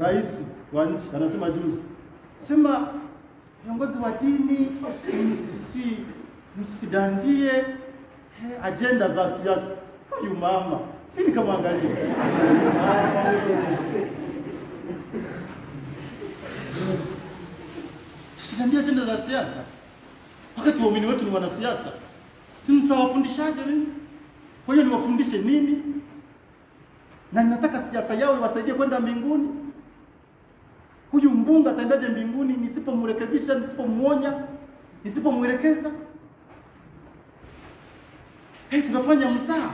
rais wa nchi anasema juzi, sema viongozi wa dini msisi msidandie ajenda za siasa. Huyu mama sini kama angalia msidandie ajenda za siasa, wakati waumini wetu ni wanasiasa, tunatawafundishaje nini? Kwa hiyo niwafundishe nini? na ninataka siasa yao iwasaidie kwenda mbinguni. Huyu mbunge ataendaje mbinguni nisipomrekebisha, nisipomwonya, nisipomwelekeza? Hey, tunafanya msaa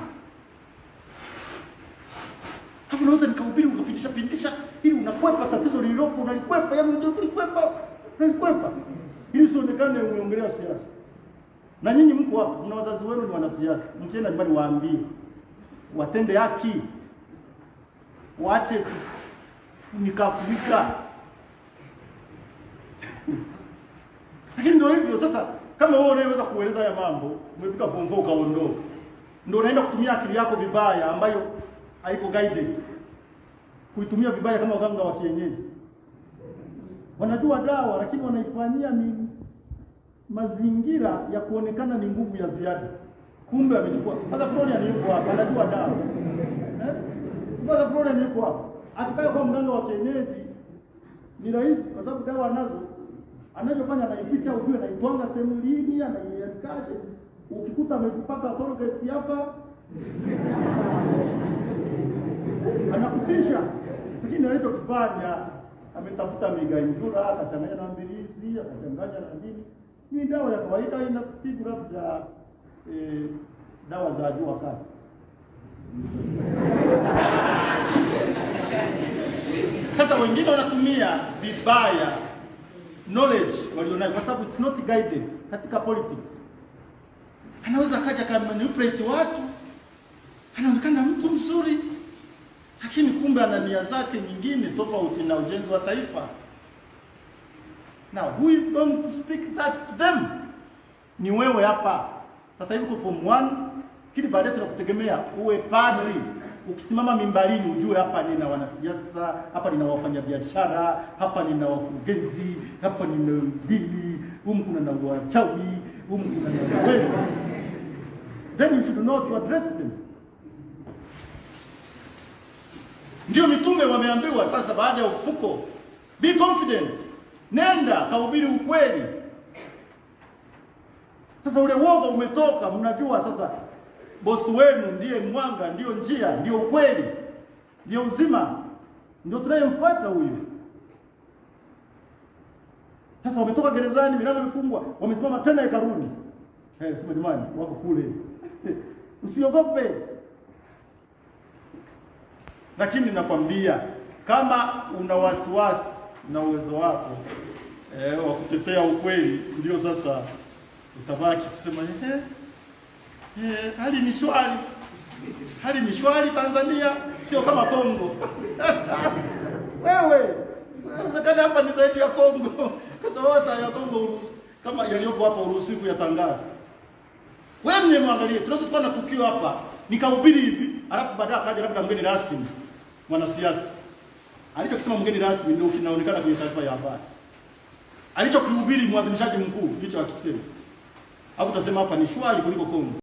hapo, naweza nikahubiri ukapindisha pindisha, ili unakwepa tatizo lililopo, unalikwepa, yani, unalikwepa, unalikwepa ili usionekane umeongelea siasa. Na nyinyi mko hapa, mna wazazi wenu ni wanasiasa, mkienda nyumbani waambie watende haki wache nikafurika. Lakini ndio hivyo sasa, kama wewe unaweza kueleza ya mambo, umefika form four ukaondoka, ndio unaenda kutumia akili yako vibaya, ambayo haiko guided, kuitumia vibaya kama waganga wa kienyeji. Wanajua dawa, lakini wanaifanyia ni mazingira ya kuonekana ni nguvu ya ziada, kumbe amechukua. Hata Florian yuko hapa, anajua dawa eh? Sasa problem iko hapo. atakaye kwa mganga wa kienyeji ni rahisi kwa sababu dawa anazo anachofanya anaipita, ujue anaitwanga sehemu lini, anaiekaje. Ukikuta amejipaka colgate hapa anakutisha, lakini anachokifanya ametafuta migaindura akachanganya na mbilizi, akachanganya na nini, ni dawa ya kawaida inatibu labda eh, dawa za jua kali Sasa wengine wanatumia vibaya knowledge walionayo, kwa sababu it's not guided katika politics. Anaweza akaja manipulate watu, anaonekana mtu mzuri, lakini kumbe ana nia zake nyingine tofauti na ujenzi wa taifa. Now who is going to speak that to them? Ni wewe hapa sasa hivi, kwa form 1 lakini baadaye tunakutegemea uwe padri. Ukisimama mimbarini ujue hapa nina wanasiasa, hapa nina wafanyabiashara, hapa nina wakurugenzi, hapa nina dini, humu kuna na wachawi, humu kuna na wezi. Then you should know to address them. Ndio mitume wameambiwa sasa, baada ya ufuko, be confident, nenda kahubiri ukweli. Sasa ule uoga umetoka, mnajua sasa bosi wenu ndiye mwanga, ndiyo njia, ndiyo ukweli, ndiyo uzima, ndio tunayemfuata huyu. Sasa wametoka gerezani, milango imefungwa, wamesimama tena hekaruni. Eh, sema jamani, wako kule, usiogope. Lakini nakwambia kama una wasiwasi na uwezo wako eh, wa kutetea ukweli, ndio sasa utabaki kusema ehe eh, hali ni shwari, hali ni shwari Tanzania, sio kama Kongo. Wewe inawezekana hapa ni zaidi ya Kongo, kwa sababu hata ya Kongo kama yaliyopo hapa uruhusi kuyatangaza. Wewe mwenyewe mwangalie, tunaweza kuwa na tukio hapa nikahubiri hivi, alafu baadaye akaja labda mgeni rasmi mwanasiasa alichokisema mgeni rasmi ndio kinaonekana kwenye taarifa ya habari, alichokihubiri mwadhimishaji mkuu ndicho akisema, au utasema hapa ni shwari kuliko Kongo.